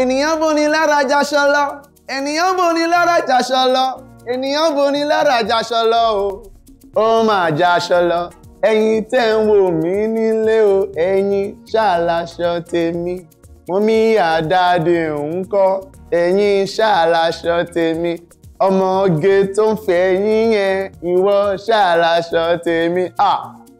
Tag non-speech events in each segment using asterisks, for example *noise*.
ènìyàn boni lára jaṣọ lọ ènìyàn boni lára jaṣọ lọ ènìyàn boni lára jaṣọ lọ o ó máa jaṣọ lọ ẹ̀yin tẹ́ ń wò mí nílé o ẹ̀yin ṣàlàṣọ tèmi mo mí àdáde ńkọ́ ẹ̀yin ṣàlàṣọ tèmi ọmọge tó ń fẹ́ yín yẹn ìwọ ṣàlàṣọ tèmi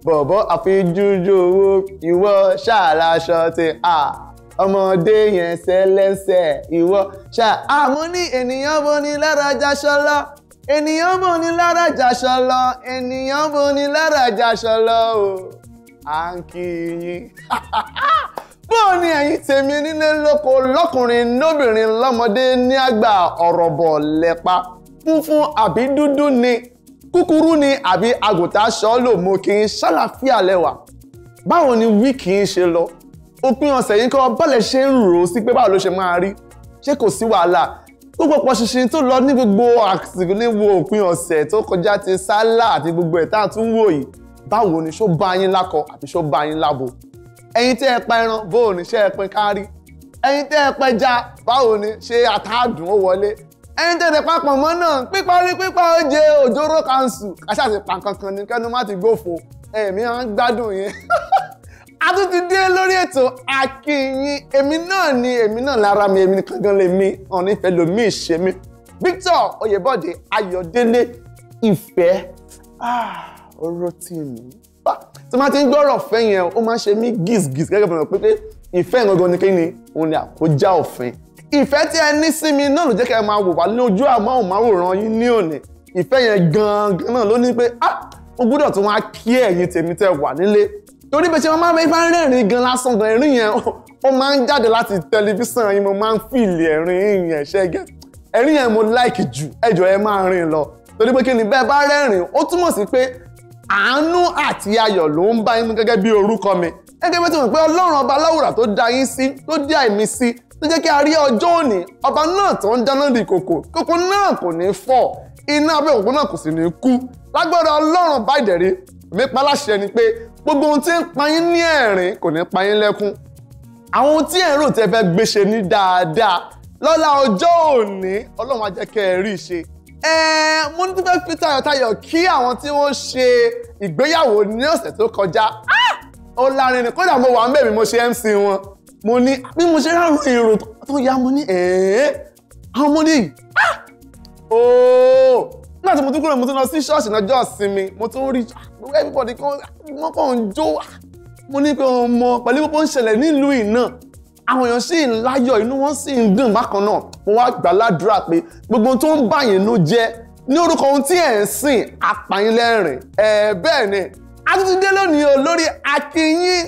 bọ̀bọ̀ àfi jújú owó ìwọ ṣàlàṣọ tèmi ọmọdé yẹn sẹlẹsẹ ìwọ ṣá àmọ́ ní ènìyàn bo ni lára jaṣọlọ ènìyàn bo ni lára jaṣọlọ ènìyàn bo ni lára jaṣọlọ o à ń kí yín *laughs* bóò ni ẹ̀yin tèmi nílé lóko lọ́kùnrin lóbìnrin lọ́mọdé ní àgbà ọ̀rọ̀ bọ̀ lẹ́pa funfun àbí dúdú ni kúkúrú ni àbí àgùntàn aṣọ lò mú kí n ṣàlàfíà lẹ́wà báwo ni wíìkì ń ṣe lọ òpin ọ̀sẹ̀ yìí kan bọ́lẹ̀ ṣe ń rò ó sí pé báwo ló ṣe máa rí ṣé kò sí wàhálà gbogbo pọ̀ ṣinṣin tó lọ ní gbogbo àsìkò ní òpin ọ̀sẹ̀ tó kọjá ti sálà àti gbogbo ẹ̀ tá à tún wò yìí báwo ni ṣó bá yín lákọ àti ṣó bá yín lábo ẹ̀yin tẹ́ ẹ pa ẹran bóò ní ṣe ẹ pin kárí ẹ̀yin tẹ́ ẹ pẹja báwo ni ṣe àtàdùn ó wọlé ẹ̀yin tẹ́ ẹ papọ̀ mọ́ náà pípa orí pípa oje òjòrò kanṣu kàṣà ti pa kankan ní kẹ́nu má ti gbófo ẹ̀mí à ń gbádùn yẹn *laughs* a tún ti dé lórí ètò akínyìn èmi náà ni èmi náà lára mi èmi nìkan gan lèmi ọ̀nà ìfẹ́ lomi ìṣe Victor Oyèbọ̀dé Ayọ̀délé ìfẹ́ ọ̀rọ̀ tì mí tí máa ti ń gbọ́rọ̀ fẹ́ yẹn ó máa ń ṣe mí gísgís gẹ́gẹ́ bí wọ́n pé ìfẹ́ gangan ni kíni òun ni àkójá òfin ìfẹ́ tí ẹ ní sí mi náà ló jẹ́ kí ẹ máa wò wá lójú àmọ́hùnmáwòrán yín ní òní ìfẹ́ yẹn gangan náà ló ní pé ah mo gbọ́dọ̀ tún wá kí ẹ̀yin tèmi tẹ́ wà nílé torí bẹ́ẹ̀ ṣe máa máa bá rẹ́rìn gan lásán gan ẹ̀rín yẹn ó máa ń jáde láti tẹlifíṣàn yìí mo máa ń fìlì ẹ̀rín yẹn ṣẹ́gẹ́ ẹ̀rín yẹn mo like jù ẹ̀jọ̀ ẹ máa rìn lọ torí pé kí ni bẹ́ẹ̀ bá rẹ́rìn ó túmọ̀ sí pé àánú àti ayọ̀ ló ń bá yín gẹ́gẹ́ bí orúkọ mi gẹ́gẹ́ bí wọ́n pé ọlọ́run ọba láwùrà tó dá yín sí tó dé àìmí sí tó jẹ́ kí a rí ọjọ́ òní ọba náà tó ń dáná di kòkò kòkò náà kò ní fọ́ iná abẹ́ òkú náà kò sì ní kú lágbára ọlọ́run bá ìdẹ̀rí mi pa láṣẹ ni pé gbogbo ohun tí ń pa yín ní ẹ̀rín kò ní pa yín lẹ́kún àwọn ohun tí ẹ̀ ń rò tẹ́ fẹ́ gbé ṣe ní dáadáa lọ́la ọjọ́ òní ọlọ́run á jẹ́ kẹ́ ẹ rí i ṣe mo ní fẹ́ fi tayọ̀tayọ̀ kí àwọn tí wọ́n ṣe ìgbéyàwó ní ọ̀sẹ̀ tó kọjá ah! ó lárin ni kódà mo wà ń bẹ̀ mí mo ṣe MC wọn mo ní bí mo ṣe ráàrùn èrò tó yá mo ní ẹ̀ẹ́ àwọn ọmọdé yìí ah! ooo nígbà tí mo tún kúrò mo tún lọ sí ṣọ́ọ̀ṣì lọ́jọ́ ìsinmi mo tún rí everybody kan wọ́n kàn ń jó mo ní pé ọmọ pẹ̀lú gbogbo ń ṣẹlẹ̀ nílùú iná àwọn èèyàn sì ń láyọ̀ inú wọn sì ń dùn bákan náà mo wá gbà ládùúrà pé gbogbo tó ń báyìí ló jẹ́ ní orúkọ ohun tí ẹ̀ ń sìn apàyínlẹ́rìn ẹ̀ bẹ́ẹ̀ ni a tún ti dé lónìí o lórí Àkíìyín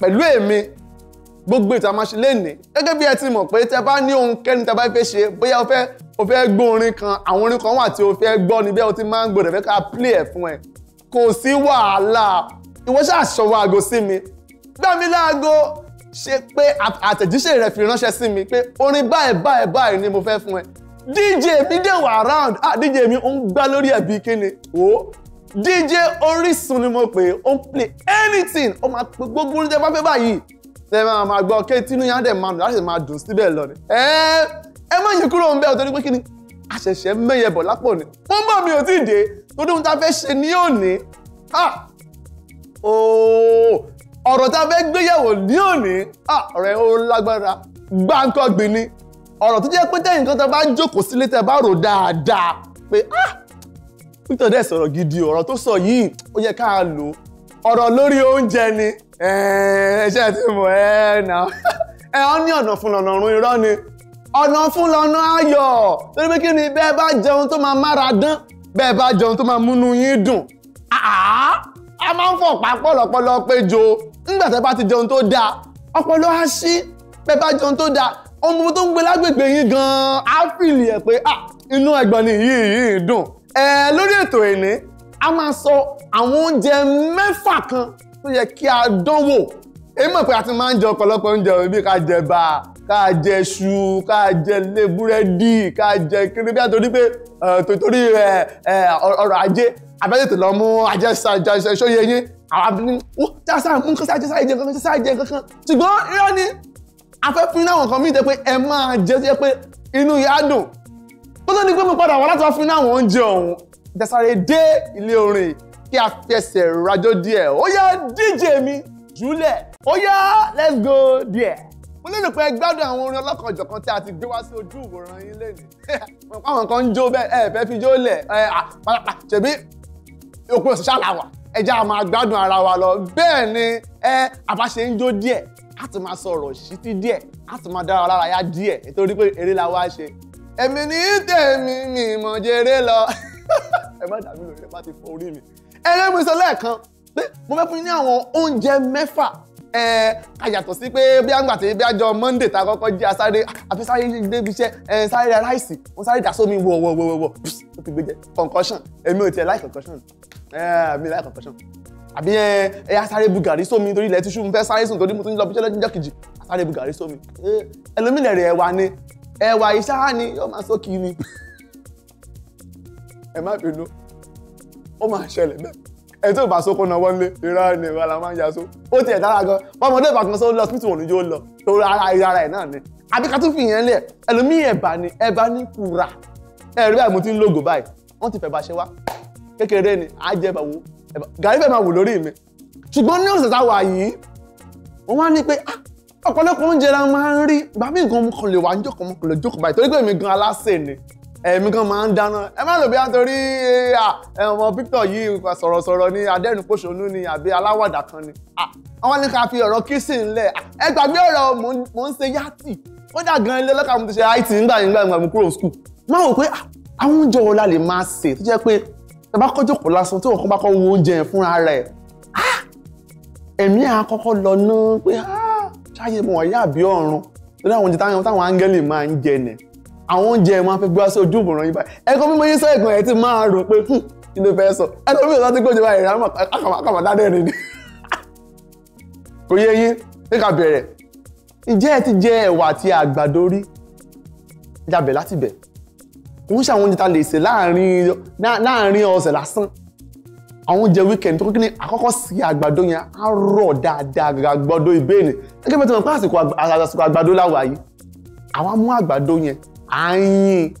pẹ̀lú èmi gbogbo ètò àmàṣe lẹ́nìí gẹ́gẹ́ bí ẹ ti mọ̀ pé tẹ bá ní ohunkẹ́ni tẹ bá fẹ́ ṣe bóyá o fẹ́ o fẹ́ gbọ́ orin kan àwọn orin kan wà tí o fẹ́ gbọ́ níbẹ̀ o ti máa ń gbọ́dọ̀ fẹ́ ká play ẹ̀ fún ẹ kò sí wàhálà ìwọ ṣàṣọwọ́ aago sí mi gbá mi láago ṣe pé àtẹ̀jíṣẹ́ rẹ̀ fi ránṣẹ́ sí mi pé orin báyìí báyìí báyìí ni mo fẹ́ fún ẹ DJ mi dẹ̀ wà round ah DJ mi ń gbá lórí ẹ̀bí kíni o DJ Orísun ni mo pè é ó ń play anything ó máa pe gbogbo oúnjẹ bá fẹ́ báyìí tẹ́ ẹ máa máa gbọ́ kí tinú yá dẹ̀ máa dùn láti máa dùn síbẹ̀ lọ ni. ẹ ẹ má yẹ kúrò ń bẹ́ẹ̀ torí pé kí ni àṣẹ̀ṣẹ̀ mẹ́yẹ bọ̀ lápò ni wọ́n bọ̀ mi ò tí ì dé torí ohun tá a fẹ́ ṣe ní òní ọ̀rọ̀ tá a fẹ́ gbéyẹ̀wò ní òní ọ̀rọ̀ ẹ̀ ó lágbára gbáǹkọ́gbìn ni ọ̀rọ̀ tó jẹ́ pé tẹ́yìn kan tó bá jókòó sílé tẹ́ bá rò dáadáa pé Victor dẹ̀ sọ̀rọ̀ gidi ọ̀rọ̀ tó sọ yìí ó yẹ ká lò ọ̀rọ̀ lórí oúnjẹ ni ẹ̀ṣẹ́ ti mọ̀ ẹ́ nà ẹ̀ ọ́ ní ọ̀nà fún lọ́nà ọ̀run irọ́ ni ọ̀nà fún lọ́nà ayọ̀ torí pé kí ni bẹ́ẹ̀ bá jẹun tó máa mára dán bẹ́ẹ̀ bá jẹun tó máa múnú yín dùn a máa ń fọ̀pá pọ̀lọpọ̀lọ pé jo nígbà tẹ́ bá ti jẹun tó dáa ọpọlọ á ṣí bẹ́ẹ̀ bá jẹun tó dáa ọmọ tó ń gbé lágbègbè yín gan-an á fìlì ẹ̀ pé inú ẹ̀gbọ́n ni yìí yìí dùn lórí ètò ẹ̀ní a máa sọ àwọn oúnjẹ mẹ́fà kan tó yẹ kí a dánwò èyí mọ̀ pé a ti máa ń jẹ ọ̀pọ̀lọpọ̀ oúnjẹ bí ká jẹ bá ká jẹ ṣu ká jẹ lé búrẹ́dì ká jẹ kiri bí àtòrí pé torí ọrọ̀ ajé abẹ́tètè lọ mú ajé ṣóye yín àwọn abúlé ó jásá mú nǹkan sáà jẹ sáà jẹ nǹkan sáà jẹ nǹkan ṣùgbọ́n irọ́ ni afẹ́fún náà nǹkan mí jẹ pé ẹ máa jẹ sí pé inú yá dùn tó tó ní pé mo padà wá láti wá fún náà àwọn oúnjẹ ọ̀hún dẹ̀sáré dé ilé orin kí a fẹsẹ̀ rajó díẹ̀ ó yá díje mi jùlẹ̀ ó yá let's go díẹ̀. mo lérò pé ẹ gbádùn àwọn orin ọlọ́kanòjọ̀kan tí a ti gbé wá sí ojú ìwòran yín lẹ́nu *laughs* mo pa àwọn kan ń jó bẹ́ẹ̀ ẹ fẹ́ fi jó lẹ̀ ẹ pàápàá ṣèbí òpin ọ̀sẹ̀ ṣàlàwà ẹ jẹ́ a máa gbádùn ara wa lọ bẹ́ẹ̀ ni ẹ àbá ṣe ń jó díẹ̀ a ti máa sọ̀rọ̀ ṣítí díẹ̀ a ti máa dára lára yá díẹ̀ nítorí pé eré la wá ṣe èmi ní tèmi mi mọ̀ jèrè lọ. *laughs* ẹ má dàbí lórí ẹ bá ti fọ orí mi. ẹlẹ́mú sọ lẹ́ẹ̀kan pé mo fẹ́ fún yín ní àwọn oúnjẹ mẹ́fà ẹ àyàtọ̀ sí pé bí àgbà tí bí àjọ Monday ta kọ́kọ́ jí asáré àfisáré débi iṣẹ́ ẹ sáré ra ráìsì mo sáré dà sómi wọ̀ wọ̀ wọ̀ wọ̀ ó ti gbé concussion èmi ò tiẹ̀ like concussion ẹ mi like concussion àbí ẹ ẹ asáré Bugari gàrí sómi nítorí ilẹ̀ tíṣú mo fẹ́ sáré sùn torí mo tún lọ bí iṣẹ́ lọ́jọ́ kejì asáré bu gàrí sómi ẹlòmílẹ̀ rẹ̀ ẹ̀wà ni ẹ̀wà iṣẹ́ á ni yóò máa sókì ni ẹ má bínú ó máa ṣẹlẹ̀ bẹ́ẹ̀ ẹ tó bá sókó náà wọlé ìrora ni ìrora la máa ń ya so ó tiẹ̀ dára gan ọmọdé ìbàkan sọ lọ síbítù òní yóò lọ torí ara ìrara ẹ̀ náà ni àbí ká tún fi yẹn lẹ̀ ẹlòmíì ẹ̀bà ni ẹ̀bà ní kura ẹ̀rí báyìí mo ti ń lògò báyìí wọ́n ti fẹ̀bà ṣe wá kékeré ni á jẹ ẹ̀bà wo gàrí fẹ̀ máa wò lórí mi ṣùgbọ́n ní ọ̀sẹ̀ táwa yìí wọ́n wá ní pé ah, ọ̀pọ̀lọpọ̀ oúnjẹ la máa ń rí bàbá mi gan mo kàn lè wà ń jókòó mo kàn báyìí torí pé èmi gan aláṣẹ ni ẹ̀mí kan máa ń dáná ẹ má lò bí a torí ọmọ Victor yìí sọ̀rọ̀sọ̀rọ̀ ni adẹ́rìnpòṣónú ni àbí aláwàdà kan ni àwọn ní ká fi ọ̀rọ̀ kissing ńlẹ̀ ẹ gbàgbé ọ̀rọ̀ mò ń ṣe yátì ó dà gan ilé ọlọ́kà mo ti ṣe it nígbà yìí nígbà mo kúrò school má wò pé àwọn oúnjẹ wo la lè máa sè tó jẹ́ pé ẹ bá kọ́jọ́ kò lásán tí òkú bá kọ́ wo oúnjẹ yẹn fúnra rẹ̀ ẹ̀mí àkọ́kọ́ lọ náà pé àwọn oúnjẹ máa fẹ́ gbá sí ojú ìbòràn yín báyìí ẹ̀kọ́ mímọ yín sẹ́ẹ̀kan ẹ̀ ti máa rò pé hmm, kí ló fẹ́ sọ ẹ̀kọ́ mímọ láti gbọ́dọ̀ báyìí rámà kàmà dáadẹ́ rẹ̀ ni. kò yẹ yín ní ká bẹ̀rẹ̀ ǹjẹ́ ẹ ti jẹ ẹ̀wà àti àgbàdo rí jàbẹ̀ láti bẹ̀ kò ń ṣe àwọn oúnjẹ ta lè ṣe láàrin ọ̀sẹ̀ lásán àwọn oúnjẹ wíkẹ̀ndì tó kí ni àkọ́kọ́ sí àgbàdo yẹn á rọ̀ dáadáa àgbàdo ìbéèni gẹ́gẹ́ bí wọ́n ti mọ̀ pé àsìkò àgbàdo láwàá yìí àwa mú àgbàdo yẹn àyìn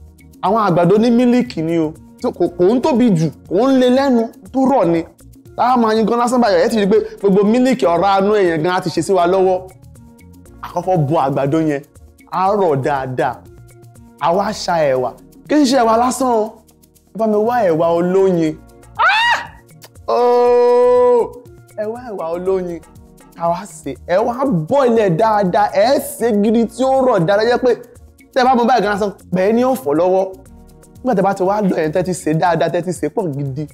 àwọn àgbàdo ní mílíkì ni o kò ń tóbi jù kò ń le lẹ́nu tó rọ̀ ni táwọn máa yin gan lásán báyọ̀ ẹ̀ ti rí i pé gbogbo mílíkì ọ̀rá anú èèyàn gan á ti ṣe sí wa lọ́wọ́ àkọ́kọ́ bọ àgbàdo yẹn á rọ̀ dáadáa àwa ṣa ẹ̀wà kí n ṣe ẹ̀wà lásán o bá mi wá ẹ̀wà olóyin ah! ẹ̀wà ẹ̀wà olóyin káwa sè ẹ̀wà bọ̀ dáadáa ẹ̀ ṣe gidi tí ó rọ̀ dáadáa jẹ́ pé tẹ́ bá mú báyìí gan-an sọ pẹ́ ní òfò lọ́wọ́ nígbà tẹ́ bá ti wá lọ ẹ̀yìn tẹ́tí ṣe dáadáa tẹ́tí ṣe pọ̀ gidi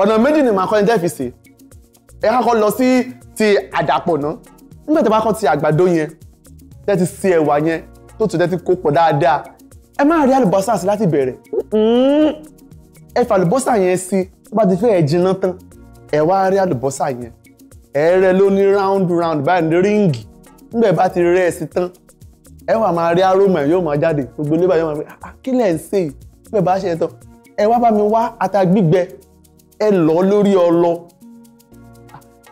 ọ̀nà méjì ni màá kọ́ ẹni tẹ́ fi ṣe ẹ kọ́kọ́ lọ sí ti àdàpọ̀ náà nígbà tẹ́ bá kọ́ ti àgbàdo yẹn tẹ́tí ṣe ẹ̀wà yẹn tó tún tẹ́tí kó pọ̀ dáadáa ẹ má rí àlùbọ́sà sí láti bẹ̀rẹ̀ mm-hmm. ẹ fà àlùbọ́sà yẹn sí tó bá ti fẹ́ ẹ̀ jiná tán ẹ wá rí àlùbọ́sà yẹn ẹ rẹ ló ní round round báyìí ríǹgì nígbà ẹ bá ti rẹ ẹ sí tán ẹ wà máa rí aroma yóò máa jáde gbogbo níbà yóò máa rí ah, kí lẹ̀ ń ṣe bẹ́ẹ̀ bá ṣe ẹ tán ẹ wá bá mi wá ata gbígbẹ ẹ lọ lórí ọlọ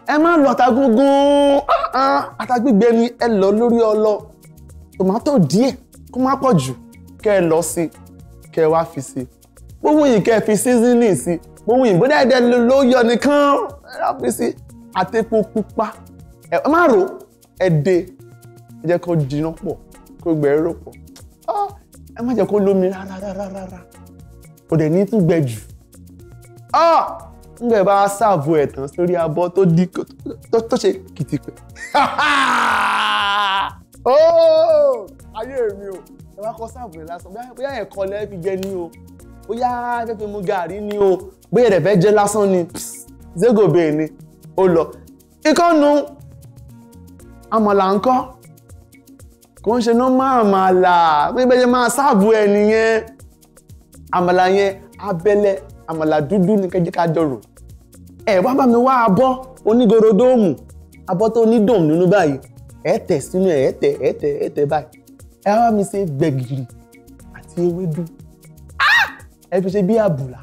ah, ẹ má lọ ata gúngún ah, ata gbígbẹ ni ẹ lọ lórí ọlọ tòmátò díẹ̀ kó má pọ̀ jù kẹ́ ẹ lọ sí kẹ́ ẹ wá fi sí gbogbo yìí kẹ́ ẹ fi seasoning sí gbogbo yìí bóyá ẹ̀dẹ̀ ló yọ nìkan ẹ lọ fi sí àtẹ̀pọ̀ pupa ẹ má rò ẹ dé ẹ jẹ́ kó jiná pọ̀ kó gbẹ ẹrọ pọ̀ ah, ẹ má jẹ́ kó lómi rárá rárá rárá kò dẹ̀ ní tún gbẹ jù ah, nígbà bá ṣàbò ẹ̀tàn sórí abọ́ tó di tó ṣe kìtìpẹ́ *laughs* oh, ayé mi o ẹ wá kọ ṣàbò ẹ̀ lásán bóyá ẹ̀kọ́ lẹ́ fi jẹ ní o bóyá fẹ́ mu gàrí ní o bóyá ẹ̀rẹ̀ fẹ́ jẹ lásán ni zégobe ni ó lọ ìkànnù àmàlà ńkọ́ kò ń ṣe nọ́mà àmàlà pé bẹ́ẹ̀ yẹn máa sáàbù ẹ nìyẹn àmàlà yẹn abẹ́lẹ̀ àmàlà dúdú ní kẹjẹ ká jọrò ẹ wá bá mi wá abọ́ onígorodóòmù abọ́ tó ní dòm nínú báyìí ẹ tẹ̀ sínú ẹ ẹ tẹ̀ ẹ tẹ̀ ẹ tẹ̀ báyìí ẹ wá mi ṣe gbẹ̀gìrì àti ewédú ah! ẹ fi ṣe bí àbùlà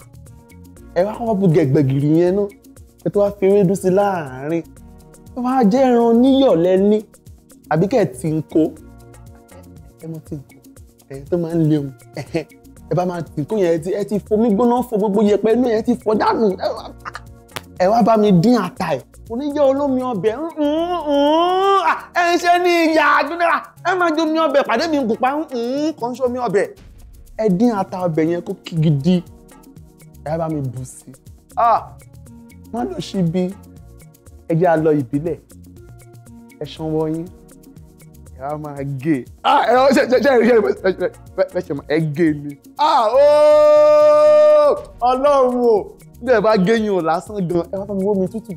ẹ wá kọ́kọ́ bu gẹ̀gbẹ̀gìrì yẹn náà ẹ tó wá fi ewédú sí láàárín ẹ wá jẹ́ ẹran níyọ̀ lẹ́ni àbíkẹ́ tí ń kó ẹ mọ ti ẹ tó máa ń lé o ẹ bá máa tì kó yẹn ẹ ti fomi gbóná fọ gbogbo yẹpẹ inú yẹn ti fọ dànù ẹ wá bá mi dín ata ẹ oníjẹ olómi ọbẹ̀ ẹ ń ṣe ní ìyá àdúrà ẹ máa jó mi ọbẹ̀ pàdé mi nkùpa kàn ṣó mi ọbẹ̀ ẹ dín ata ọbẹ̀ yẹn kó kí gidi ẹ bá mi bù sí má lọ síbi ẹ jẹ́ àlọ́ ìbílẹ̀ ẹ ṣanwó a máa gé ah ẹ ọ ṣe ṣe ṣe ṣe ṣe ṣe ẹ gé ni ah ooo ọlọ́run o bí ẹ bá géyìn o lásán gan ẹ wá fẹ́ mi wó mi tútù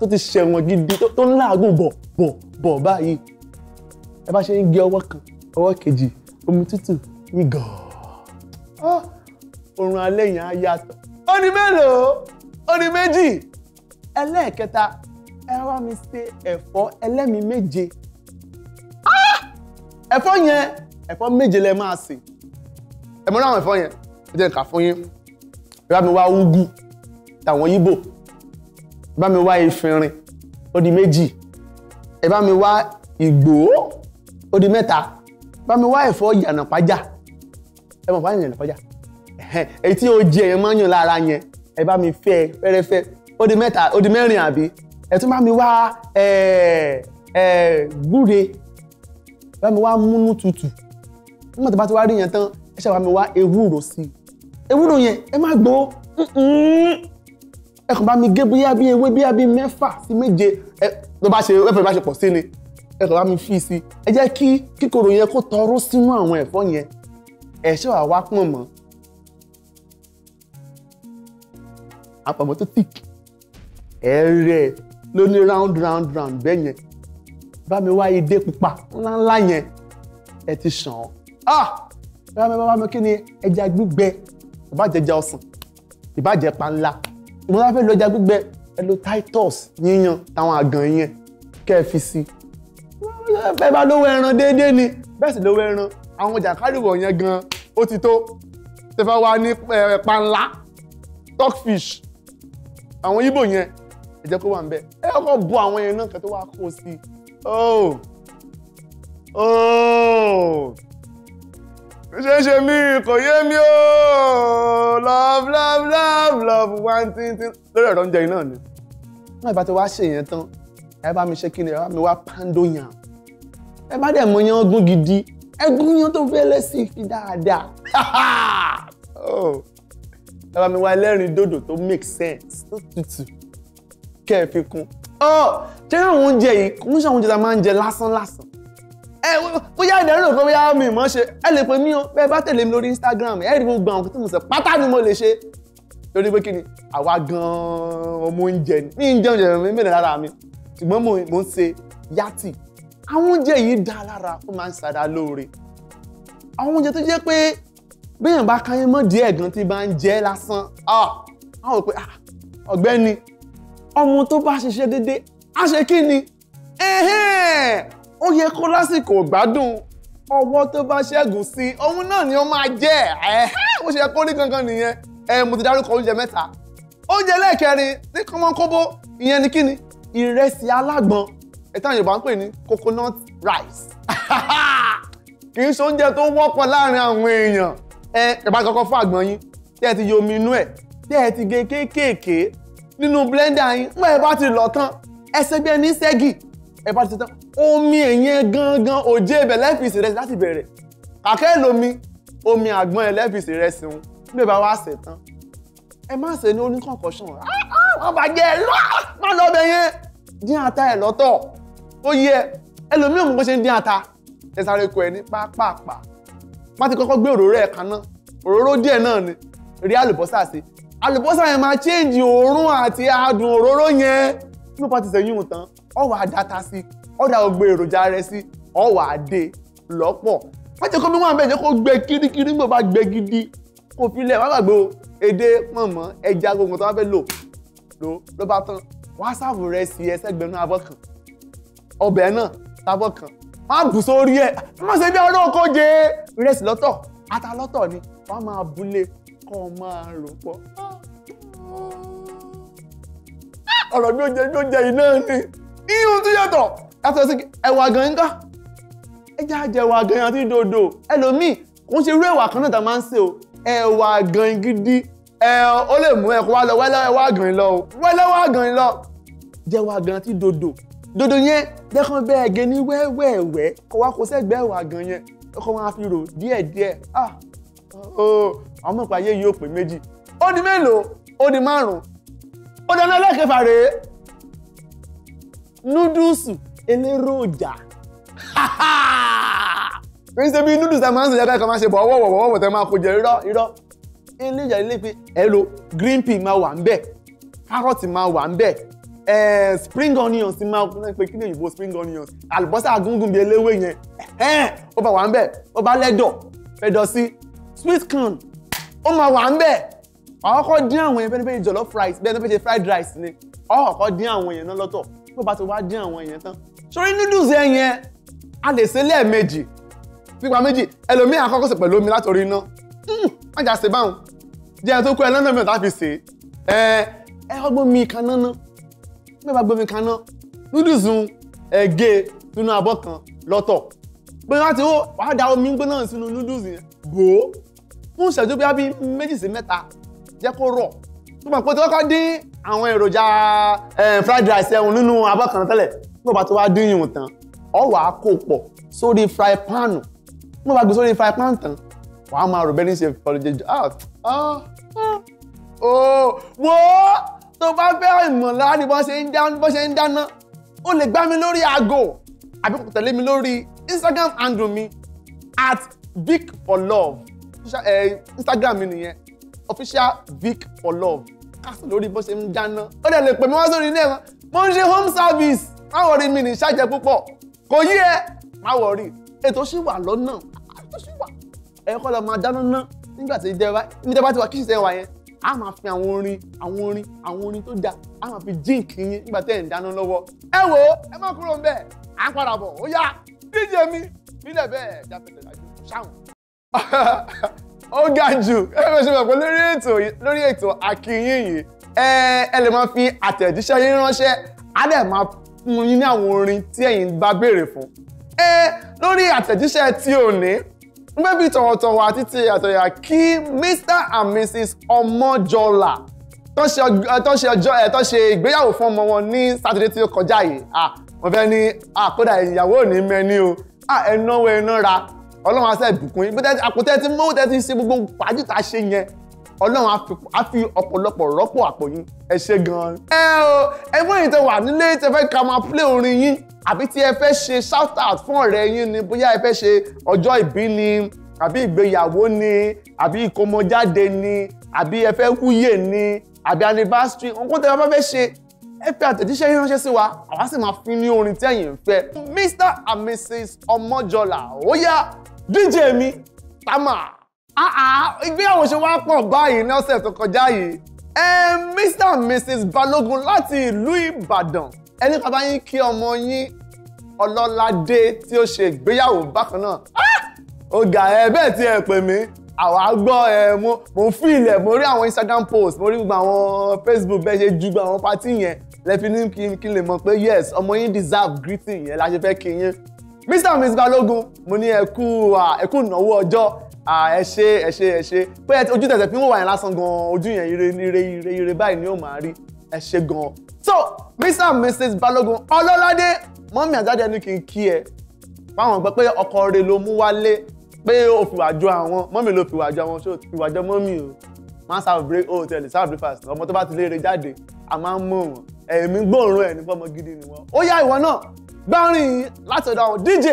tó ti ṣẹ̀wọ̀n gidi tó ń láàgùn bọ̀ bọ̀ bọ̀ báyìí ẹ bá ṣe ń gé ọwọ́ kan ọwọ́ kejì omi tútù ní gàn-án oorun alẹ́ yẹn á yàtọ̀ ó ní mélòó ó ní méjì ẹlẹ́ẹ̀kẹta ẹ wá mi ṣe ẹ̀fọ́ ẹlẹ́mi méje ẹ̀fọ́ yẹn ẹ̀fọ́ méje lẹ máa sè ẹ mọ̀ láwọn ẹ̀fọ́ yẹn ẹ jẹ́ ká fún yín bá mi wá úgú tàwọn yíbò bá mi wá efinrin ó di méjì ẹ bá mi wá ìgbò ó di mẹ́ta bá mi wá ẹ̀fọ́ yànnàpájà ẹ mọ̀ fáyàn yànnàpájà èyí tí o jẹ yẹn máa ń yàn lára yẹn ẹ bá mi fẹ́ fẹ́rẹ́fẹ́ ó di mẹ́ta ó di mẹ́rin àbí ẹ tún bá mi wá ẹ ẹ gbúre bá mi wá múnú tutù nígbà tó bá ti wá rí yẹn tán ẹ ṣe bá mi wá ewúro sí i ewúro yẹn ẹ má gbó ẹ kàn bá mi gé bóyá bí ewé bóyá bí mẹ́fà sí méje ẹ ló bá ṣe ẹfọ ìbá ṣe pọ̀ sí ni ẹ kàn bá mi fi sí ẹ jẹ́ kí kíkorò yẹn kó tọrọ sínú àwọn ẹ̀fọ́ yẹn ẹ ṣe wà wá pọ̀n mọ́ àpamọ́ tó tìkì ẹ rẹ̀ ló ní round round round bẹ́ẹ̀ yẹn bá mi wá idé pupa ńláńlá yẹn ẹ ti sàn án ah bá mi bá mi kí ni ẹja gbígbẹ ìbàjẹ́jà ọ̀sán ìbàjẹ́ panla ìmọ̀lá fẹ́ lo ẹja gbígbẹ ẹ lo titus yíyan táwọn àgàn yẹn kẹ́ ẹ fi sí ẹ bá lówó ẹran déédéé ni bẹ́ẹ̀ sì lówó ẹran àwọn jàǹkárìwọ̀ yẹn gan ó ti tó tẹ fẹ́ wá ní panla stockfish àwọn Ìgbò yẹn ẹ jẹ́ kó wà ń bẹ̀ ẹ kọ́kọ́ bọ àwọn yẹn náà kẹ́ tó wá kó sí i oh oh ṣe ṣe mí kò yé mi o love love love love one thing thing lórí ọ̀rọ̀ oúnjẹ yìí náà ni náà ìbá ti wá ṣe yẹn tán ẹ bá mi ṣe kí ni ẹ bá mi wá pando yàn ẹ bá dẹ̀ mọ yẹn ọgbọ́n gidi ẹ gún yẹn tó fẹ́ lẹ́sìn fi dáadáa *laughs* oh. ẹ bá mi wá ẹlẹ́rìn dòdò tó make sense tó tutù kẹ́ ẹ fi kún. Oh, ṣé àwọn oúnjẹ yìí kò ṣe àwọn oúnjẹ tá a máa ń jẹ lásán lásán ẹ bóyá ìdẹ́rù kan bóyá mi mọ̀ ṣe ẹ lè pe mí o bẹ́ẹ̀ bá tẹ̀lé mi lórí Instagram ẹ rí gbogbo àwọn kí mo sọ pátá ni mo lè ṣe torí pé kí ni àwa gan ọmọ oúnjẹ ní ń jẹ oúnjẹ mi mẹ́rin lára mi ṣùgbọ́n mo ń ṣe yàtì àwọn oúnjẹ yìí dá lára ó máa ń ṣara lóore àwọn oúnjẹ tó jẹ́ pé béèyàn bá káyé mọ́ díẹ̀ gan tí bá ń jẹ lásán àwọn ah, ò pé ah, ọ̀gbẹ́ni ọmọ tó bá ṣiṣẹ́ déédéé á ṣe kí ni ó yẹ kó lásìkò gbádùn ọwọ́ tó bá ṣẹ́gun sí òun náà ni ó máa jẹ́ ó ṣe kó rí gangan nìyẹn ẹ mo ti dárúkọ oúnjẹ mẹ́ta oúnjẹ lẹ́ẹ̀kẹrin ní kọ́mọ́kóbó ìyẹn ni kíni ìrẹsì alágbọn ẹ̀tàn Yorùbá ń pè ní coconut rice *laughs* kì í ṣe oúnjẹ tó wọ́pọ̀ láàrin àwọn èèyàn ẹ ẹ bá kọ́kọ́ fún àgbọn yín tẹ́ ẹ ti yọ omi inú ẹ̀ tẹ́ ẹ ti gé kéékèèké nínú blender yín mọ́ ẹ bá ti lọ tán ẹsẹ̀ bí ẹni ṣẹ́gì ẹ bá ti tán omi ẹ̀yẹn gangan òjé ibẹ̀ lẹ́fìsì rẹ̀ láti bẹ̀rẹ̀ kàkẹ́ lomi omi àgbọn ẹ̀ lẹ́fìsì rẹ̀ sí wọn bí ẹ bá wá ṣe tán ẹ má ṣe ní oníkànkọ́ṣàn wọ́n bá jẹ́ ẹ lọ́ọ́ má lọ bẹ yẹn dín ata ẹ̀ lọ́tọ̀ ó yẹ ẹlòmíràn mọ̀ bó ṣe ń dín ata ẹ sáré kọ ẹ ní pápápá má ti kọ́kọ́ gbé òróró ẹ̀ kaná òróró díẹ̀ náà ni rí àlùbọ́sà sí àlùbọ́sà yẹn máa change òórùn àti adùn òróró yẹn inú bá ti sẹ́yìn wò tán ó wá dáta sí ó dà gbogbo èròjà rẹ sí ó wá dé lọ́pọ̀ má jẹ́ kó mi wọ́n àbẹ̀jẹ́ kó gbẹ kirikiri gbọ̀ bá gbẹ gidi kó fi lẹ̀ má gbàgbé o èdè mọ̀mọ́ ẹja gbogbo tó bá fẹ́ lò lò ló bá tán wàá sáàbù rẹ sí ẹsẹ̀ gbẹ̀nú abọ́ kan ọbẹ̀ náà tábọ̀ kan má bù sórí ẹ̀ má ṣe bí ọ̀rọ̀ kó jẹ ìrẹsì lọ́tọ̀ ata lọ́tọ̀ ni wàá máa búlé kó máa rò pọ̀ ọ̀rọ̀ bí ó jẹ bí ó jẹ iná ni ihun tó yàtọ̀ yàtọ̀ sí ẹ̀wà gan ńkọ́ ẹja jẹ̀wà gan àti dòdò ẹlòmíì kò ń ṣe irú ẹ̀wà kan náà tá a máa ń ṣe o ẹ̀wà gan gidi ẹ ó lè mú ẹ̀kọ́ wa lọ wẹ́lẹ́wà gan lọ o wẹ́lẹ́wà gan lọ jẹ̀wà gan àti dòdò dòdò yẹn lẹ́kàn bẹ́ẹ̀ gẹ ní wẹ́wẹ́wẹ́ kó wá kó sẹ́gbẹ́ ẹ̀wà gan ó dáná ẹlẹ́kẹfà rèé núdùsù eléròjà kì í ṣe bí núdùsù àmọ́ ṣe yàtọ̀ ẹ̀ka máa ṣe bọ̀ ọwọ́ wọ̀wọ́ wọ̀tẹ́ máa kó jẹ irọ́ irọ́ eléjà ilé pé ẹ̀lò green pea máa wà ń bẹ̀ kárọ̀tì máa wà ń bẹ̀ spring onions máa ń pe kí ni òyìnbó spring onions àlùbọ́sà agúngún bíi eléwé yẹn ó bá wà ń bẹ̀ ó bá lẹ́dọ̀ fẹ́dọ̀ sí sweet corn ó máa wà ń bẹ̀ ọkọ dín àwọn yẹn fẹ́ni fẹ́ jollof rice bẹ́ẹ̀ ni fẹ́ ṣe fried rice ni ọkọ dín àwọn yẹn náà lọ́tọ̀ tó bá ti wá dín àwọn yẹn tán sórí noodles yẹn yẹn a lè ṣe lẹ́ẹ̀mejì pípa méjì ẹlòmíì àkọ́kọ́ sè pẹ̀lú omi látòrí iná hmm, má jà ṣe báwọn jẹ́ tó kú ẹ lọ́nà mẹ́ta fi ṣe é ẹ ọgbọ́n mi kaná ná bẹ́ẹ̀ bá gbọ́n mi kaná noodles ẹ gé nínú e abọ́ kan lọ́tọ̀ bóyá wọ́n ti wó wàá da omi gbóná sínú noodles yẹn bò ó fún ìṣẹ́jú bí wọ́n bí méjì sí jẹ́ kó rọ̀ tó mọ̀ pé tó kọ́ dín àwọn èròjà eh, fried rice ẹ̀hún nínú abọ́ kan tẹ́lẹ̀ tó bá tó wá dín ìhùn tán ọ wà á kó pọ̀ sórí fry pan tó bá gbé sórí fry pan tán wà á máa rò bẹ́ẹ̀ ní ṣe fọlọ́jẹ jù ah, ah, ah. oh, wo tó bá fẹ́ ìmọ̀lára ni bó ṣe ń dáná ó lè gbá mi lórí aago àbí kò tẹ̀lé mi lórí Instagram handle mi at big for love eh, Instagram mi nìyẹn official Vic for love káàsì lórí bó ṣe ń jáná ó dẹ̀ lè pè mí wá sórí ilé wọn mo ń ṣe home service máwọ̀ rí mi ní ṣàjẹ́ púpọ̀ kò yí ẹ máwọ̀ rí ètò ṣì wà lọ́nà ètò ṣì wà ẹ kọ́ lọ máa dáná ná nígbà tí ìjẹba ìjẹba ti wà kí ṣiṣẹ́ wa yẹn a máa fi àwọn orin àwọn orin àwọn orin tó dáa a máa fi jíǹkì yín nígbà tẹ́ ẹ̀ ń dáná lọ́wọ́ ẹ wò ó ẹ má kúrò ńbẹ̀ à ń padà bọ̀ ó yá díje mi nílẹ̀ bẹ́ẹ̀ jáfẹ́tẹ̀ *laughs* ó ga jù ẹ bẹ ṣe mọ̀ pé lórí ètò akínyìn yìí ẹ ẹ lè máa fi àtẹ̀jíṣẹ́ yín ránṣẹ́ á dẹ̀ máa fún yín ní àwọn orin tí ẹ̀yin bá béèrè fún. ẹ lórí àtẹ̀jíṣẹ́ tí ò ní n fẹ́ tọ̀wọ̀tọ̀wọ̀ àti ti àtọ̀yà kí Mr and Mrs Ọmọjọlá tó ṣe ọjọ́ ẹ̀ tó ṣe ìgbéyàwó fún ọmọ wọn ní sátidé tí ó kọjá yìí ah mo fẹ́ ní àkódà ìyàwó ò ní mẹ́ni o ah ẹ̀ náwó ẹ̀ náà ra ọlọ́run á ṣe bùkún yín bí àpótẹ́ ti mọ́wó tẹ́ ti ṣe gbogbo fàájì tá a ṣe yẹn ọlọ́run á fi ọ̀pọ̀lọpọ̀ rọ́pò àpò yín ẹ ṣe gan-an. ẹ o ẹgbẹ́ yìí tẹ wà nílé tẹ fẹ́ ká máa play orin yín àbí tí ẹ fẹ́ ṣe shout out fún ọ̀rẹ́ yín ni bóyá ẹ fẹ́ ṣe ọjọ́ ìbí ni àbí ìgbéyàwó ni àbí ìkómọjáde ni àbí ẹ fẹ́ wúyè ni àbí anniversary nǹkan tẹ bá fẹ́ ṣe ẹ fi àtẹ̀jíṣẹ́ yín ránṣẹ́ sí wa àwa sì máa fún ní orin tẹ́yìn ń fẹ́. Mr and Mrs Ọmọjọlá ó yá DJ mi Tama ìgbéyàwó ṣe wá pọ̀ báyìí ní ọ̀sẹ̀ tó kọjá yìí Mr and Mrs Balogun láti ìlú Ìbàdàn ẹni kan bá yín kí ọmọ yín Ọlọ́ládé tí ó ṣe ìgbéyàwó bákan náà ah! ó ga ẹ bẹ́ẹ̀ tí ẹ pè mí àwa gbọ́ ẹ mo mo fi ilẹ̀ mo rí àwọn instagram post mo rí gbogbo àwọn facebook bẹ́ẹ̀ ṣe ju gbogbo àwọn pati yẹn lẹ́fi ní kí n lè mọ̀ pé yes ọmọ yín deserve greeting yẹn la ṣe fẹ́ kí yín mr and mrs balógun mo ní ẹkú ẹkú ìnáwó ọjọ́ ẹ ṣe ẹ ṣe ẹ ṣe pé ojú tẹ̀tẹ̀ fi ń wà yẹn lásán gan ojú yẹn ire ire ire ire báyìí ni ó máa rí ẹ ṣe gan so mr and mrs balógun ọlọ́ládé mọ́mí àjáde ẹni kì í kí ẹ fáwọn gbọ́ pé ọkọ rẹ ló mú wálé pé ó fi wàjọ àwọn mọ́mí ló fi wàjọ àwọn ṣé ó fi wàjọ mọ́mí o máa ń sáà break hotel sáà breakfast ọmọ tó bá ti léèrè jáde a máa ń mọ̀ wọ́n ẹ̀mí gbòòrùn ẹ̀ ní fọmọ gidi ni wọ́n ó yá ìwọ náà gbárin látọ̀dọ̀ àwọn dj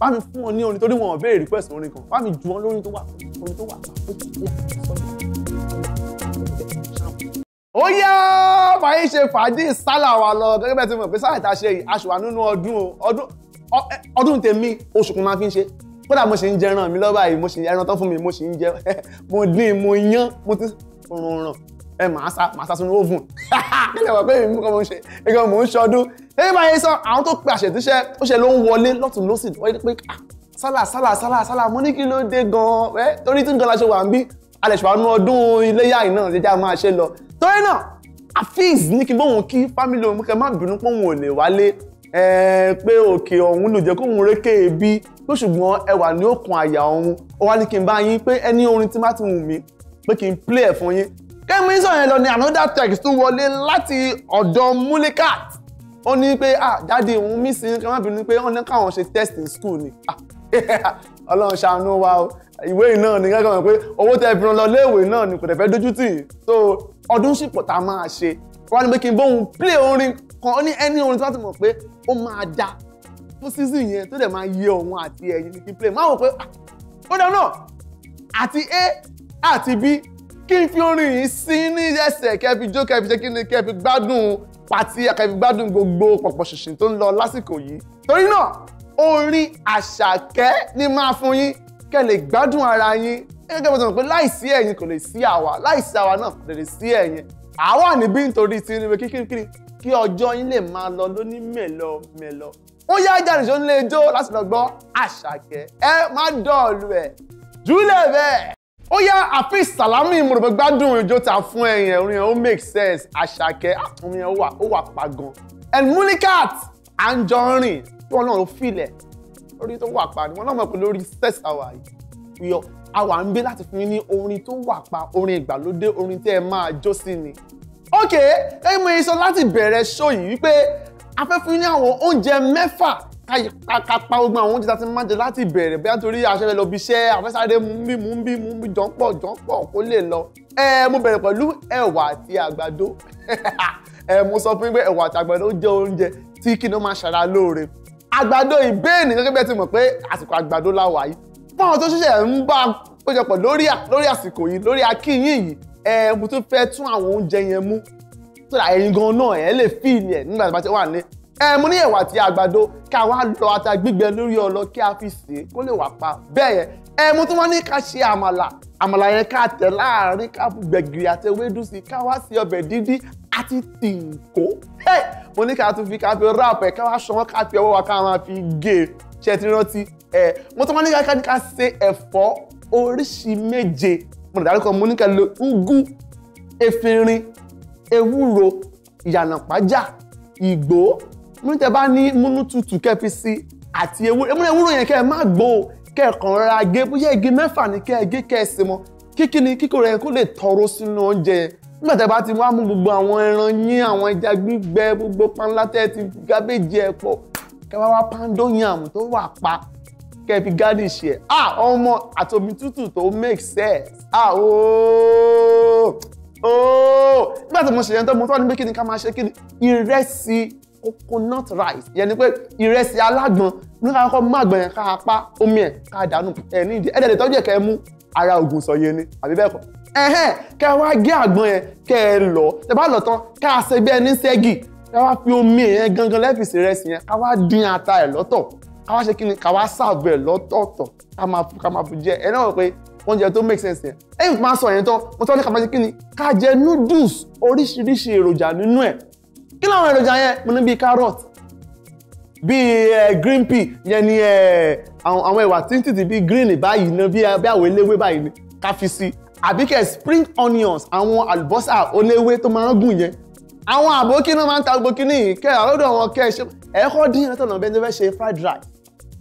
bá mi fún wọn ní orin torí wọn ò béèrè request orin kan bá mi ju wọn lórí tó wà orin tó wà pàtó ó yá fàyè ṣe fàájì sálà wa lọ gẹ́gẹ́ bẹ́ẹ̀ ti mọ̀ pé sálà ìta ṣe yìí aṣùwà nínú ọdún ọdún ọdún tèmi oṣù kan máa fi ń ṣe kódà mo ṣe ń jẹran mi lọ́ba yìí mo ṣe ẹran tán fún mi mo ṣe ń jẹ *laughs* mo dín mo yán mo ti rùn ràn ẹ màá sá màá sá sínú oven kílẹ̀ *laughs* wọ̀ pé èmi kọ́ mo ń ṣe nǹkan mò ń ṣọdún lẹ́yìn báyìí sọ àwọn tó pe àṣetúnṣe ó ṣe ló ń wọlé lọ́tún lọ́sì wọ́n pé ah, sálà sálà sálà sálà mo ní kí ló dé gan-an ẹ torí tí nǹkan la ṣe wà ń bí alẹ́ ṣùgbọ́n ọdún iléyà iná ṣe já máa ṣe lọ torí náà Afeez ní kí bóun kí fámìlì òun kẹ má bínú pé òun ò lè wálé pé òkè ọ̀hún ló jẹ́ kóun rékè bí ló ṣùgbọ́n ẹwà ní òkun àyà ọ̀hún ó wá kí n bá yín pé ẹni orin tí má ti wù mí pé kí n play ẹ̀ fún yín kẹ́mi sọ̀rọ̀ yẹn lọ ni another text tún wọlé láti ọ̀dọ̀ Mulikat ó ní pé ah dáàdi òun mí sí kí wọ́n bínú pé wọ́n ní káwọn ṣe test in school ni ah, *laughs* ọlọ́run ṣàánú wa o ìwé náà ni gẹ́gẹ́ wọn pé owó tẹ fi ràn lọ léèwé náà ni kò dẹ̀ fẹ́ dójú tì so ọdún sì pọ̀ tá a máa ṣe wọ́n á ní pé kí n bóun play orin kan ó ní ẹni orin tí wọ́n ti mọ̀ pé ó máa da tó season yẹn tó dẹ̀ máa yẹ òun àti ẹ̀yìn ní kí n play máa wò pé ah, ó dáa náà àti a àti b kí n fi orin yìí sí ní ẹsẹ̀ kẹ́ jó kẹ́ fi kí ni kẹ́ fi gbádùn pàtí kẹ́ fi gbádùn gbogbo pọ̀pọ̀ ṣìnṣìn tó ń lọ lásìkò yìí torí náà orin àṣàkẹ́ ni máa fún yín kẹ́ lè gbádùn ara yín gẹ́gẹ́ bó ti mọ̀ pé láìsí ẹ̀yin kò lè sí àwa láìsí àwa náà kò lè sí ẹ̀yin àwa níbí nítorí tí ní kíkiri kí ọjọ́ yín lè máa lọ lóní mélòó mélòó ó yá jáde ṣó ń lé láti lọ gbọ́ àṣàkẹ́ ẹ má dọ̀ọ̀lù ẹ̀ jùlẹ̀ bẹ́ẹ̀ ó yá àfi sàlámì mọ̀rọ̀bọ̀ gbádùn ìjó ta fún ẹ̀yìn ẹ̀rùn yẹn ó make sense àṣàkẹ́ àtúnmí ah, yẹn ó wà ó wà pa gan and Munikat Anjorin tí wọn náà ló filẹ̀ lórí tó wà pa ni wọn náà mọ̀ pé lórí sex hour yìí yọ àwa ń gbé láti fún yín ní orin tó wà pa orin ìgbàlódé orin tẹ́ ẹ máa jó sí ni. ok ẹ̀mí sọ láti bẹ̀rẹ̀ ṣó yìí wípé a fẹ́ fún yín ní àwọn oúnjẹ mẹ́fà ká pa ogun àwọn oúnjẹ tá a ti máa ń jẹ láti bẹ̀rẹ̀ bóyá torí aṣẹ́fẹ́ lọ bí iṣẹ́ afẹ́sáré mú bí mú bí mú bí jọ ń pọ̀ jọ ń pọ̀ kó lè lọ. ẹ mo bẹ̀rẹ̀ pẹ̀lú ẹ̀wà àti àgbàdo *laughs* ẹ mo sọ fún yín pé ẹ̀wà àti àgbàdo jẹ́ oúnjẹ tí kí ló máa ṣara lóore. àgbàdo ìbéènì gẹ́gẹ́ bí ẹ ti mọ̀ pé àsìkò àgbàdo la wà yìí fún àwọn tó ṣẹ̀ṣẹ̀ ń bá péjọpọ̀ lórí àsìkò yìí lórí akínyìn yìí ẹ mo tún fẹ́ tún àwọn oúnjẹ yẹn mú tó dà ẹ̀yin gan náà ẹ mo ní ẹ̀wà àti àgbàdo kí a wá lọ ata gbígbẹ lórí ọlọ kí a fi sè é kó lè wà pa bẹ́ẹ̀ yẹn ẹ mo tún wá ní ká ṣe àmàlà àmàlà yẹn ká tẹ̀ láàrin ká gbẹ̀gìrì àti ewédú sí ká wá sí ọbẹ̀ dídí àti tìǹkó mo ní ká tún fi ká fi ráàpù ẹ̀ ká wá ṣọwọ́n ká fi ọwọ́ wa ká máa fi gé e ṣe ti rántí ẹ mo tún wá ní ká ní ká ṣe ẹ̀fọ́ oríṣi méje mo nà dárúkọ mo ní ká lo úgú efinrin ewúro ìyànàpájà ìgbó múnú tẹ bá ní múnú tutù kẹ́ fi sí àti ewúro múnú ewúro yẹn kẹ́ ẹ má gbó kẹ́ẹ̀kan rárá gé bóyá igi mẹ́fà ní kẹ́ ẹ gé kẹ́ ẹ sè mọ́ kíkí ni kíkó rẹ̀ kó lè tọrọ sínú oúnjẹ yẹn nígbà tẹ bá ti wá mú gbogbo àwọn ẹran yín àwọn ẹja gbígbẹ gbogbo panlá tẹ ti gábéjì ẹ pọ̀ kẹ́ wá wá pando yam tó wà pa kẹ́ fi garnish ẹ ah ọmọ àtòmí tútù tó make sense ah ooo ooo nígbà tí mo ṣèyẹn tó mo tọ́ ni pé kí ni ká máa ṣe kí ni ìrẹsì coconut rice yẹn ni pé ìrẹsì alágbọn ní ká kọ́kọ́ mú àgbọn yẹn ká pa omi ẹ̀ ká dànù ẹ̀ ní ìdí ẹ̀dẹ̀dẹ̀ tọ́jú ẹ̀ kẹ́ mú ara ògùn sọ yẹn ni àbí bẹ́ẹ̀ kọ́ ẹ̀hẹ́n kẹ́ wá gé àgbọn yẹn kẹ́ ẹ lọ tẹ́ bá lọ tán ká ṣe bí ẹni ṣẹ́gì ká wá fi omi yẹn gangan lẹ́fìsì ìrẹsì yẹn ká wá dín ata ẹ̀ lọ́tọ̀ ká wá ṣe kí ni ká wá ṣàbù ẹ̀ lọ́tọ̀ọ̀tọ̀ ká máa ká máa fi jẹ ẹ náà wọ pé oúnjẹ tó make sense yẹn ẹ̀yìn máa sọ yẹn tán mo tọ́ ní ká máa ṣe kí ni ká jẹ noodles oríṣiríṣi èròjà nínú ẹ̀ kí làwọn èròjà yẹn mo ní bíi carrot bíi eh, green pea yẹn ni eh, àwọn ẹ̀wà tíntìtì bíi green báyìí ní bíi àwọn eléwé báyìí ní káfí sí àbí kẹ spring onions àwọn àlùbọ́sà oléwé tó máa ń gùn yẹn àwọn àbókí náà máa ń ta gbogbo kíní yìí kẹ àlọ́dọ̀ wọn kẹ ṣe ẹ̀kọ́ dín yẹn tán náà bẹ́ẹ̀ ni wọ́n ṣe fried rice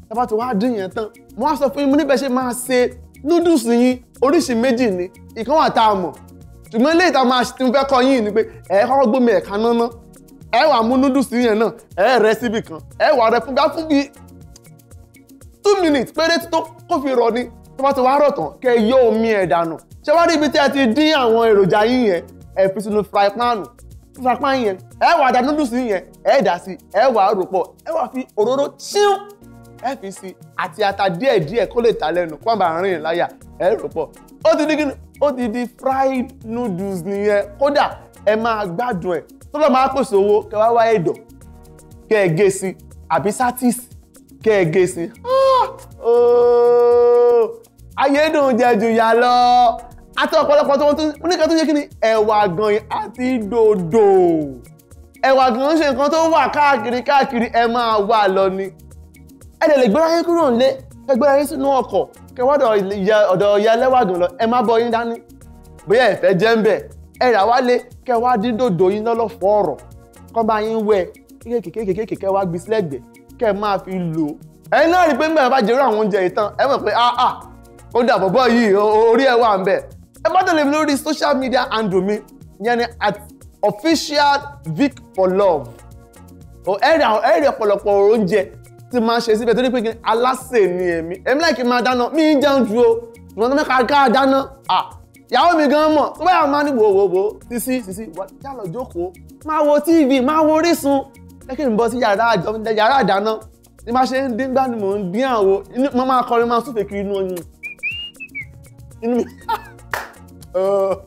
tábà tó wá dín yẹn tán mo wá sọ fún yín mo níbẹ̀ ṣe máa ṣe noodles yín oríṣi méjì ni ìkan wà tá a mọ̀ ṣùgbọ́n ilé ìta máa ti fẹ́ kọ yín ni pé ẹ̀kọ́ gbómi ẹ̀ka náná ẹ wá mú noodles yẹn náà ẹ rẹ síbì kan ẹ wá rẹ fún bá fún bíi two minutes péré tó kó fi rọ ni tó bá ti wá rọ̀ tán kẹ́ yọ omi ẹ̀ dànù ṣé wá rí ibi tí ẹ ti dín àwọn èròjà yín yẹn ẹ fi sínú fry pan fry pan yẹn ẹ wá dà noodles yẹn ẹ dà sí ẹ wá rò pọ̀ ẹ wá fi òróró chíú ẹ fi sí àti ata díẹ̀ díẹ̀ kó lè ta lẹ́nu kó bá rìn láyà ẹ rò pọ̀ ó ti di fried noodles nìyẹn kódà ẹ máa gbádùn ẹ̀ tó lọ́ máa pèsè owó kẹ́ wá wá ẹ̀dọ̀ kẹ́ ẹ gé sí àbí sátìsì kẹ́ ẹ gé sí. Ah! ayédùn jẹ̀jù yà lọ àti ọ̀pọ̀lọpọ̀ tó oníkan tó yẹ kí ni ẹ̀wà gan àti dòdò ẹ̀wà gan ṣe nǹkan tó wà káàkiri káàkiri ẹ máa wà lọ ni ẹ lè lè gbéra yín kúrò nílé ẹ gbéra yín sínú ọkọ̀ kẹwàá ọ̀dọ̀ ìyá ẹlẹ́wà gan lọ ẹ má bọ yín dání bóyá ẹ jẹ́ ń bẹ̀ ẹ rà wá lé kẹ wá dín dòdò yín lọ́lọ́fọ́ ọ̀rọ̀ kọ́ bá yín wẹ̀ kékèké kẹ wá gbé sílẹ̀gbẹ̀ kẹ máa fi lò ó. ẹ̀yin náà rí i pé mbẹ́ bá jẹ́rú àwọn oúnjẹ yìí tán ẹ mọ̀ pé ah ah ó dà bọ̀bọ̀ yìí orí ẹ̀ wà ń bẹ̀. ẹ bá tẹ̀lé mi lórí social media handle mi yẹn ni at official vic for love. ẹ rí ọ̀pọ̀lọpọ̀ oúnjẹ tí máa ń ṣe síbẹ̀ torí pé aláṣẹ ni èmi èmi láì kí n máa dáná mi ń jẹun ju o ṣùgbọ́n mẹ́ka ká dáná ah ìyàwó mi gan mọ̀ nígbà yàrá máa ní wòwòwò sisi sisi wàjá lọ jókòó máa wo tv máa wo Orísun lẹ́kìn ń bọ́ sí yàrá àdáná ní bá ṣe ń dín gbá ni mò ń dín àwo mo máa kọrin máa súnfè kiri inú oyin inú mi ó *laughs* oh.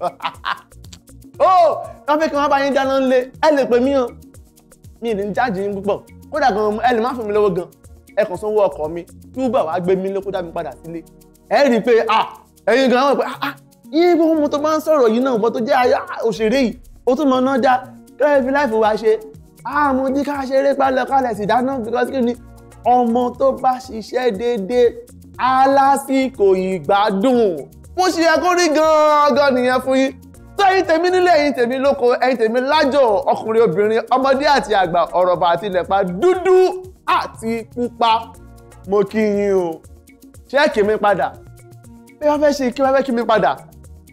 *laughs* oh! wọ́n fẹ́ kí wọ́n bá yín dáná ńlé ẹ lè pè mí o mi ì ní jáde yín púpọ̀ kódà gan ẹ lè má fún mi lówó gan ẹ kàn sanwó ọkọ̀ mi kí uber wàá gbé mi lé kó dá mi padà sílé ẹ rí i pé ẹ̀yin gan wọ́n pé ah, ah, yín bí mo tó máa ń sọ̀rọ̀ yìí náà nǹkan tó jẹ́ ayé òṣèré yìí ó tún mọ náà já kẹ́rẹ́ fi láìfò wá ṣe àmọ́ jí ká ṣeré pálọ̀ kálẹ̀ sì dáná because kí ni ọmọ tó bá ṣiṣẹ́ déédéé alásìkò ìgbádùn mo ṣe yẹ kó rí gangan nìyẹn fún yín tó ẹ̀yin tèmi nílé ẹ̀yin tèmi lóko ẹ̀yin tèmi lájò ọkùnrin obìnrin ọmọdé àti àgbà ọ̀rọ̀bà àti ilẹ̀pa dúdú àti pupa mo kí yín o ṣé kí mi padà bí wọ́n fẹ́ ṣe kí wọ́n fẹ́ kí mi padà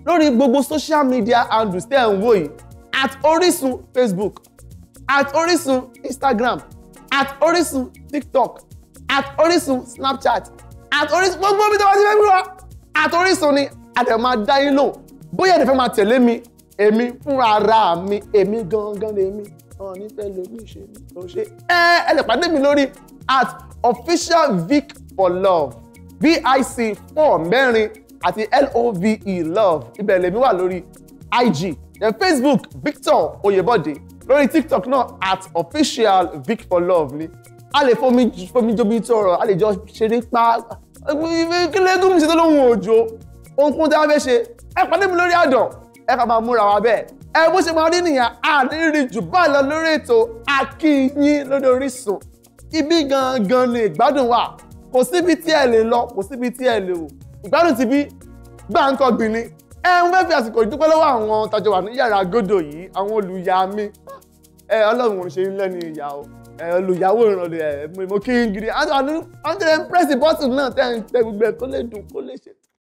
lórí gbogbo social media handles tẹ́ ẹ̀ ń wò yìí at Orísun Facebook at Orísun Instagram at Orísun TikTok at Orísun Snapchat at Orísun gbogbo omi tó bá ti fẹ́ gbúra at Orísun ni àtẹ̀mọ́ adáyín lò bóyá ẹ̀dẹ̀ fẹ́ máa tẹ̀lé mi èmi fúnra mi èmi gangan lèmi ọ̀n nífẹ̀ẹ́ lómi ṣe mi ò ṣe ẹ ẹ lè pàdé mi lórí at official vic for love vic four mẹ́rin àti love love ibẹ̀ lèmi wà lórí ig then facebook victor Oyebode. lórí tiktok náà at official vic for love ni a lè fomi fomi jomi tọrọ a lè jọ ṣeré pa kílẹ̀ gún mi ṣe tó lóhun òjò ohunkóhun tí a fẹ́ ṣe ẹ pàdé mi lórí àdàn ẹ kà máa múra wa bẹ́ẹ̀ ẹ bó ṣe máa rí nìyẹn àdínrín jù bá lọ lórí ètò akínyín lórí Orísun ibi gangan ni ìgbádùn wà kò síbi tí ẹ lè lọ kò síbi tí ẹ lè wò ìgbádùn ti bí gbà ń tọgbìn ni ẹ ń fẹ́ fi àsìkò ìdúpẹ́ lọ́wọ́ àwọn tajọ wà ní yàrá gòdò yìí àwọn olùyà mi ẹ ọlọ́run ò ṣe ń lẹ́nu ìyá o ẹ olùyàwó ìrànlẹ̀ ẹ mo kí n gidi àti àwọn hundred and press button náà tẹ́ ń tẹ gbogbo ẹ kó lè dùn kó lè ṣe